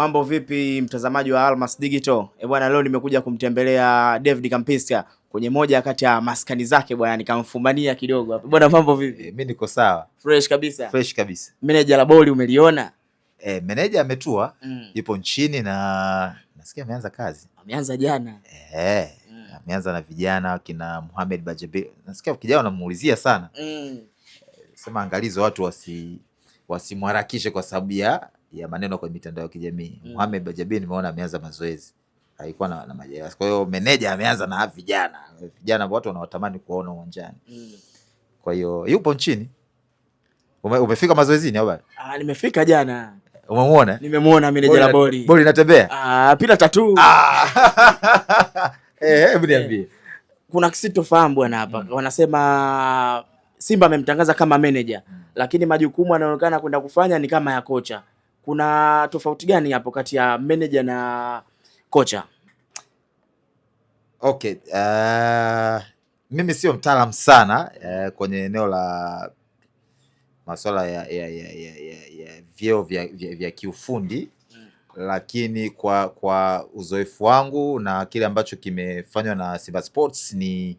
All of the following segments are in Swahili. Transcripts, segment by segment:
Mambo vipi mtazamaji wa Almas Digital? Eh, bwana leo nimekuja kumtembelea David Kampiska kwenye moja kati ya maskani zake bwana, nikamfumania kidogo hapa. Bwana mambo vipi? Mimi eh, niko sawa. Fresh kabisa. Fresh kabisa. Meneja la boli umeliona? Eh, meneja ametua, mm. yupo mm. nchini na nasikia ameanza kazi. Ameanza jana. Eh, mm. ameanza na vijana kina Mohamed Bajabe. Nasikia kijana anamuulizia sana. Mm. Eh, sema angalizo watu wasi wasimharakishe kwa sababu ya ya maneno kwenye mitandao ya kijamii mm. Mohamed Bajabi nimeona ameanza mazoezi alikuwa na, na majeraha. Kwa hiyo meneja ameanza na vijana vijana, watu wanawatamani kuona uwanjani mm. Kwa hiyo yupo nchini. Ume, umefika mazoezini au bado? Ah, nimefika jana. Umemuona? Nimemuona meneja la boli. Boli inatembea? Ah, pila tatu. Ah. Eh, hebu eh. niambie. Kuna kisitofahamu bwana hapa. Mm. Wanasema Simba amemtangaza kama meneja, mm. lakini majukumu anaonekana kwenda kufanya ni kama ya kocha kuna tofauti gani hapo kati ya manager na kocha? Okay, uh, mimi sio mtaalamu sana uh, kwenye eneo la masuala ya, ya, ya, ya, ya, ya vyeo vya, vya, vya kiufundi hmm. Lakini kwa, kwa uzoefu wangu na kile ambacho kimefanywa na Simba Sports ni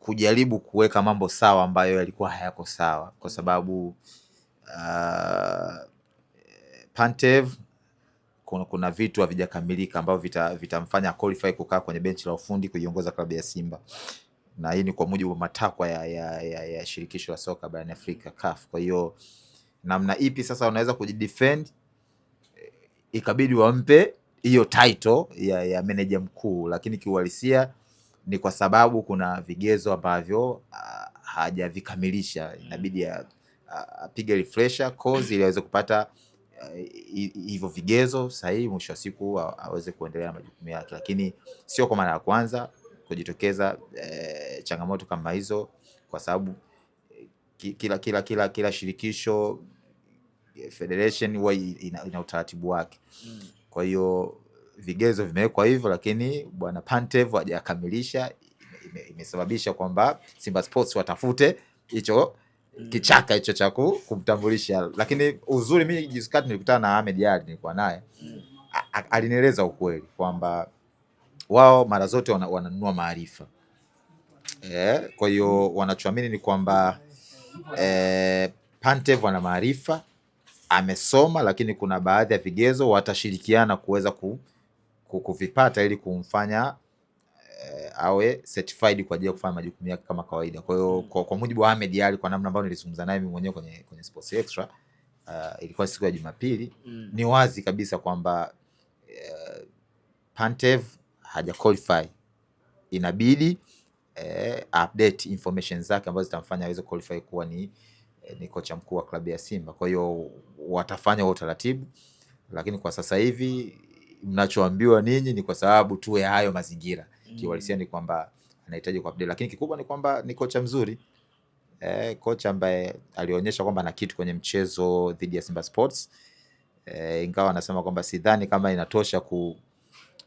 kujaribu kuweka mambo sawa ambayo yalikuwa hayako sawa, kwa sababu uh, Pantev kuna, kuna vitu havijakamilika ambavyo vitamfanya vita qualify kukaa kwenye benchi la ufundi kuiongoza klabu ya Simba, na hii ni kwa mujibu wa matakwa ya, ya, ya, ya shirikisho la soka barani Afrika CAF. Kwa hiyo namna ipi sasa wanaweza kujidefend, eh, ikabidi wampe hiyo title ya, ya meneja mkuu, lakini kiuhalisia ni kwa sababu kuna vigezo ambavyo ah, hajavikamilisha, inabidi apige refresher course ili aweze kupata hivyo vigezo sahihi, mwisho wa siku aweze kuendelea na majukumu yake, lakini sio kwa mara ya kwanza kujitokeza e, changamoto kama hizo, kwa sababu eh, kila, kila, kila, kila shirikisho eh, federation huwa ina, ina utaratibu wake mm. Kwa hiyo vigezo vimewekwa hivyo, lakini bwana Pantev hajakamilisha, imesababisha kwamba Simba Sports watafute hicho Mm. kichaka hicho cha kumtambulisha, lakini uzuri, mimi juzi kati nilikutana na Ahmed Ali, nilikuwa naye mm. alinieleza ukweli kwamba wao mara zote wananunua maarifa eh. Kwa hiyo wanachoamini ni kwamba eh, Pantev ana maarifa, amesoma, lakini kuna baadhi ya vigezo watashirikiana kuweza kuvipata ili kumfanya awe certified kwa ajili ya kufanya majukumu yake kama kawaida. Kwa hiyo mm. kwa, kwa mujibu wa Ahmed Ali, kwa namna ambayo nilizungumza naye mimi mwenyewe kwenye, kwenye Sports Extra uh, ilikuwa siku ya Jumapili mm. Ni wazi kabisa kwamba uh, Pantev haja qualify, inabidi uh, update information zake ambazo zitamfanya aweze qualify kuwa ni, eh, ni kocha mkuu wa klabu ya Simba. Kwa hiyo watafanya huo utaratibu, lakini kwa sasa hivi mnachoambiwa ninyi ni kwa sababu tu ya hayo mazingira Kiuhalisia mm. ni kwamba anahitaji kuupdate, lakini kikubwa ni kwamba ni kocha mzuri eh, kocha ambaye alionyesha kwamba ana kitu kwenye mchezo dhidi ya Simba Sports eh, ingawa anasema kwamba sidhani kama inatosha ku,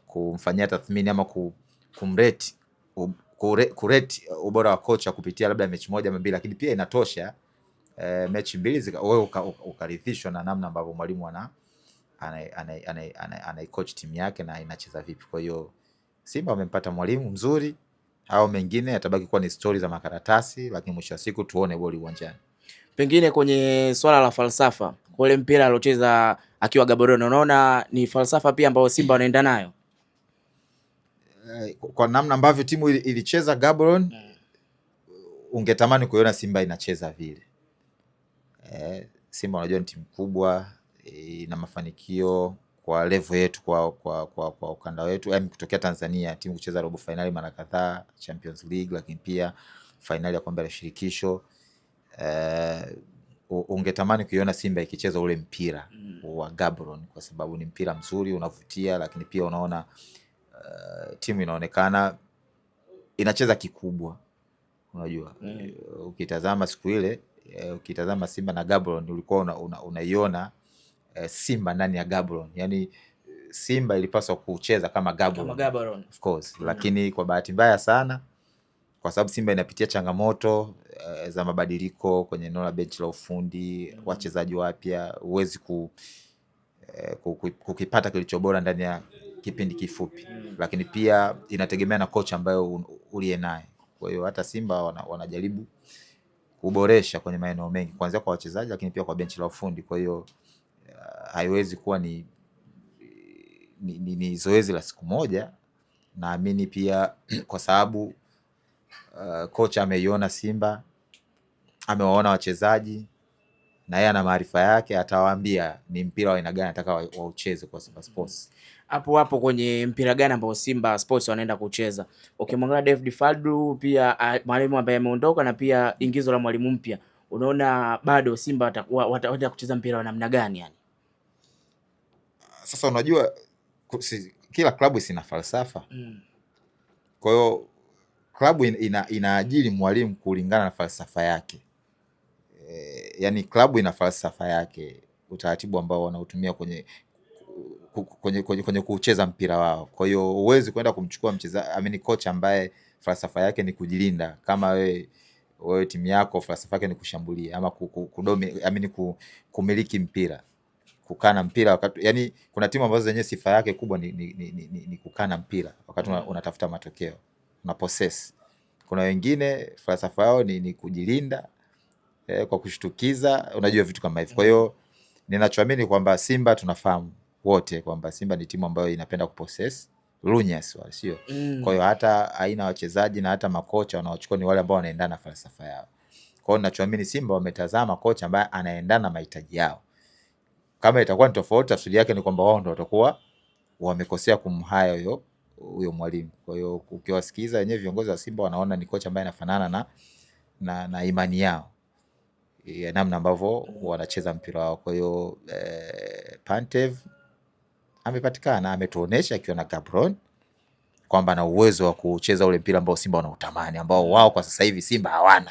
kumfanyia tathmini ama ku, kumreti um, kureti ubora wa kocha kupitia labda mechi moja ama mbili, lakini pia inatosha e, mechi mbili wewe ukaridhishwa na namna ambavyo mwalimu ana anaicoach timu yake na inacheza vipi, kwa hiyo Simba wamempata mwalimu mzuri, au mengine yatabaki kuwa ni stori za makaratasi, lakini mwisho wa siku tuone boli uwanjani. Pengine kwenye swala la falsafa, ule mpira aliocheza akiwa Gaborone, unaona ni falsafa pia ambayo Simba wanaenda nayo eh, kwa namna ambavyo timu ilicheza Gaborone mm. Ungetamani kuiona Simba inacheza vile eh, Simba unajua ni timu kubwa, ina mafanikio kwa level yetu kwa, kwa, kwa, kwa ukanda wetu, yani kutokea Tanzania timu kucheza robo fainali mara kadhaa Champions League, lakini pia fainali ya kombe la shirikisho uh, ungetamani kuiona Simba ikicheza ule mpira mm. wa Gabron kwa sababu ni mpira mzuri unavutia, lakini pia unaona uh, timu inaonekana inacheza kikubwa, unajua mm. ukitazama siku ile eh, ukitazama Simba na Gabron ulikuwa unaiona una, una Eh, Simba ndani ya gabron yani Simba ilipaswa kucheza kama Gabron, kama Gabron. Of course mm. kwa bahati mbaya sana kwa sababu Simba inapitia changamoto uh, za mabadiliko kwenye eneo la benchi la ufundi mm. Wachezaji wapya huwezi ku, eh, kukipata kilicho bora ndani ya kipindi kifupi mm. Lakini pia inategemea na kocha ambayo uliye naye. Kwa hiyo hata Simba wana, wanajaribu kuboresha kwenye maeneo mengi kuanzia kwa wachezaji, lakini pia kwa benchi la ufundi, kwa hiyo haiwezi kuwa ni, ni, ni, ni zoezi la siku moja. Naamini pia kwa sababu uh, kocha ameiona Simba, amewaona wachezaji na yeye ana maarifa yake, atawaambia ni mpira wa aina gani nataka waucheze kwa Simba Sports hapo hapo kwenye mpira gani ambao Simba Sports wanaenda kucheza. Ukimwangalia okay, David Fadlu pia mwalimu ambaye ameondoka na pia ingizo la mwalimu mpya, unaona bado Simba watakuwa watakucheza mpira wa namna gani yani? Sasa unajua kusi, kila klabu sina falsafa mm. Kwa hiyo klabu ina, inaajiri mwalimu kulingana na falsafa yake e, yani klabu ina falsafa yake, utaratibu ambao wanautumia kwenye kwenye, kwenye, kwenye kucheza mpira wao. Kwa hiyo huwezi kwenda kumchukua mcheza kocha ambaye falsafa yake ni kujilinda, kama wewe wewe timu yako falsafa yake ni kushambulia ama kudomi, kumiliki mpira kukaa na mpira wakati, yani kuna timu ambazo zenye sifa yake kubwa ni, ni, ni, ni, ni kukaa na mpira wakati mm. unatafuta matokeo una possess. Kuna wengine falsafa yao ni, ni kujilinda eh, kwa kushtukiza, unajua vitu kama hivi. Kwa hiyo ninachoamini kwamba Simba tunafahamu wote kwamba Simba ni timu ambayo inapenda kupossess lunyas wale sio mm. Kwa hiyo hata aina wachezaji na hata makocha wanaochukua ni wale ambao wanaendana na falsafa yao. Kwa hiyo ninachoamini Simba wametazama kocha ambaye anaendana na mahitaji yao kama itakuwa ni tofauti, tafsiri yake ni kwamba wao ndo watakuwa wamekosea kumhaya huyo huyo mwalimu. Kwa hiyo ukiwasikiza wenyewe viongozi wa Simba wanaona ni kocha ambaye anafanana na, na, na imani yao ya namna ambavyo wanacheza mpira wao. Kwa hiyo eh, Pantev amepatikana, ametuonesha akiwa na Gabron kwamba ana uwezo wa kucheza ule mpira ambao Simba wanautamani ambao wao kwa sasa hivi Simba hawana.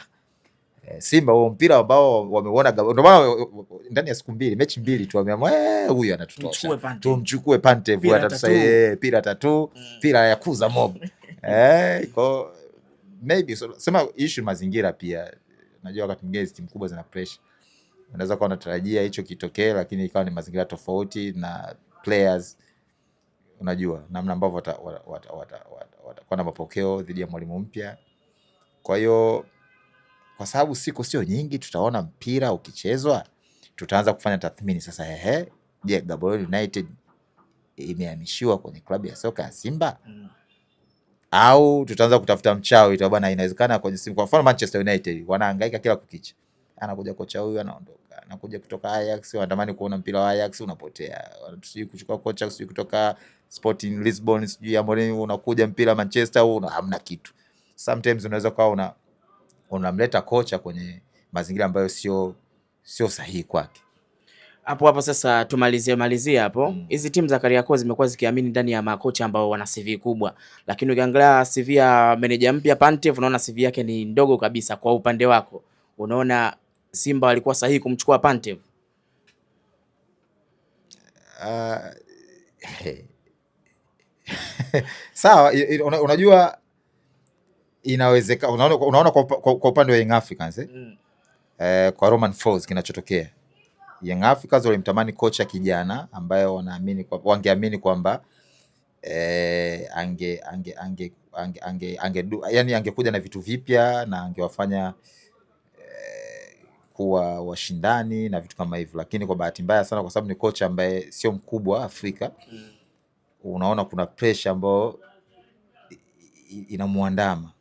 Eh, Simba huo mpira ambao wameuona, ndio maana ndani ya siku mbili mechi mbili tu wameamua eh, huyu anatutosha, tumchukue Pante, atatusaidia eh, pira tatu mm. pira ya kuza mob eh, kwa maybe so, sema issue mazingira pia. Najua wakati mwingine timu kubwa zina pressure, unaweza kuwa unatarajia hicho kitokee, lakini ikawa ni mazingira tofauti na players, unajua namna ambavyo watakuwa na mapokeo dhidi ya mwalimu mpya, kwa hiyo kwa sababu siku sio nyingi, tutaona mpira ukichezwa, tutaanza kufanya tathmini sasa. Ehe, je, Gaborone United imehamishiwa kwenye klabu ya soka ya Simba mm. au tutaanza kutafuta mchawi tu bwana, inawezekana kwenye simu, Kwa mfano Manchester United wanahangaika kila kukicha, anakuja kocha huyu anaondoka, anakuja kutoka Ajax, wanatamani kuona mpira wa Ajax unapotea, wanatusii kuchukua kocha sijui kutoka Sporting Lisbon sijui Mourinho, unakuja mpira Manchester, huu hamna kitu. Sometimes unaweza kuwa una unamleta kocha kwenye mazingira ambayo sio sio sahihi kwake. Hapo hapo sasa tumalizie malizie hapo mm. hizi mm. timu za Kariakoo zimekuwa zikiamini ndani ya makocha ambao wana CV kubwa, lakini ukiangalia CV ya meneja mpya Pantev, unaona CV yake ni ndogo kabisa. Kwa upande wako, unaona Simba walikuwa sahihi kumchukua Pantev? Uh, sawa, unajua inawezeka. Unaona, unaona kwa, kwa, kwa upande wa Young Africans eh? Mm. Eh, kwa Roman Falls kinachotokea Young Africans walimtamani kocha kijana ambaye wanaamini kwa, wangeamini kwamba eh, ange ange ange ange, ange, ange du, yani angekuja na vitu vipya na angewafanya eh, kuwa washindani na vitu kama hivyo, lakini kwa bahati mbaya sana, kwa sababu ni kocha ambaye sio mkubwa Afrika mm. Unaona kuna pressure ambayo inamuandama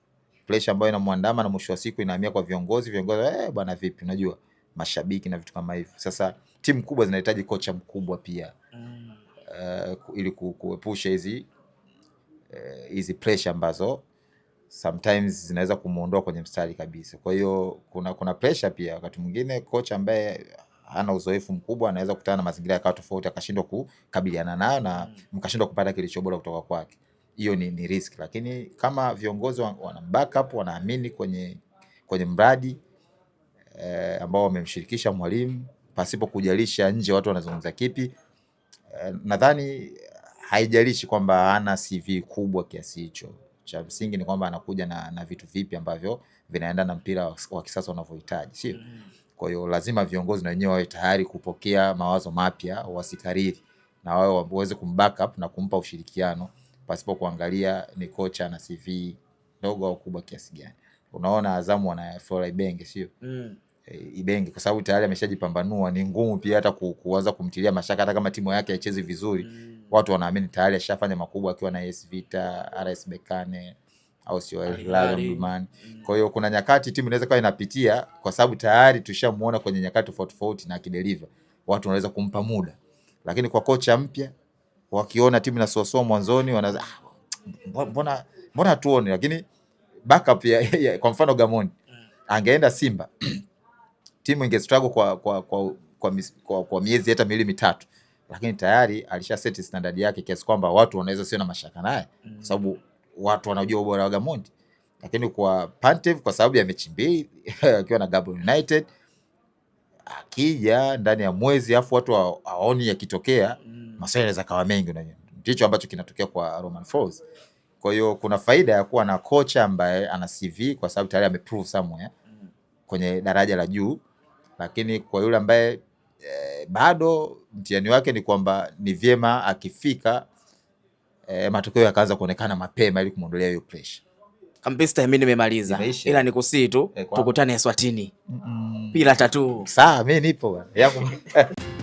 presha ambayo inamwandama na mwisho wa siku inahamia kwa viongozi, viongozi eh, bwana vipi, unajua mashabiki na vitu kama hivyo. Sasa timu kubwa zinahitaji kocha mkubwa pia mm. uh, ili kuepusha hizi eh, hizi uh, presha ambazo sometimes zinaweza kumuondoa kwenye mstari kabisa. Kwa hiyo kuna kuna presha pia wakati mwingine kocha ambaye hana uzoefu mkubwa anaweza kukutana na mazingira yakawa tofauti akashindwa kukabiliana nayo na mm. mkashindwa kupata kilicho bora kutoka kwake hiyo ni, ni risk, lakini kama viongozi wana backup, wanaamini kwenye, kwenye mradi eh, ambao wamemshirikisha mwalimu pasipo kujalisha nje watu wanazungumza kipi eh, nadhani haijalishi kwamba ana CV kubwa kiasi hicho. Cha msingi ni kwamba anakuja na, na vitu vipi ambavyo vinaenda na mpira wa kisasa unavyohitaji, sio? Mm. Kwa hiyo lazima viongozi na wenyewe wawe tayari kupokea mawazo mapya, wasikariri na wawe waweze kumbackup na kumpa ushirikiano pasipo kuangalia ni kocha na CV ndogo au kubwa kiasi gani. Unaona Azamu ana Flora Ibenge sio? Mm. E, Ibenge kwa sababu tayari ameshajipambanua, ni ngumu pia hata ku, kuanza kumtilia mashaka hata kama timu yake haichezi vizuri. Mm. Watu wanaamini tayari ashafanya makubwa akiwa na AS Vita, RS Berkane au sio Hilal Omdurman. Mm. Kwa hiyo kuna nyakati timu inaweza kuwa inapitia kwa sababu tayari tushamuona kwenye nyakati tofauti tofauti na kideliver. Watu wanaweza kumpa muda. Lakini kwa kocha mpya wakiona timu inasuasua mwanzoni, wana ah, mbona mbona tuone, lakini backup ya, ya, kwa mfano Gamoni mm. angeenda Simba timu struggle kwa, kwa, kwa, kwa, kwa, kwa miezi hata miwili mitatu, lakini tayari alisha set standard yake kiasi kwamba watu wanaweza sio na mashaka naye mm. kwa sababu watu wanajua ubora wa Gamondi, lakini kwa Pantev kwa sababu ya mechi mbili akiwa na Gabon United akija ndani ya mwezi afu watu awaoni yakitokea, mm. maswali yanaweza kawa mengi. Ndicho ambacho kinatokea kwa Romain Folz. Kwa hiyo kuna faida ya kuwa na kocha ambaye ana CV kwa sababu tayari ameprove somewhere mm. kwenye daraja la juu, lakini kwa yule ambaye eh, bado mtihani wake ni kwamba ni vyema akifika eh, matokeo yakaanza kuonekana mapema ili kumwondolea hiyo pressure. Kampista mimi nimemaliza, ila nikusii tu eh, tukutane Eswatini. mm -mm. Pila tatu. saa mimi nipo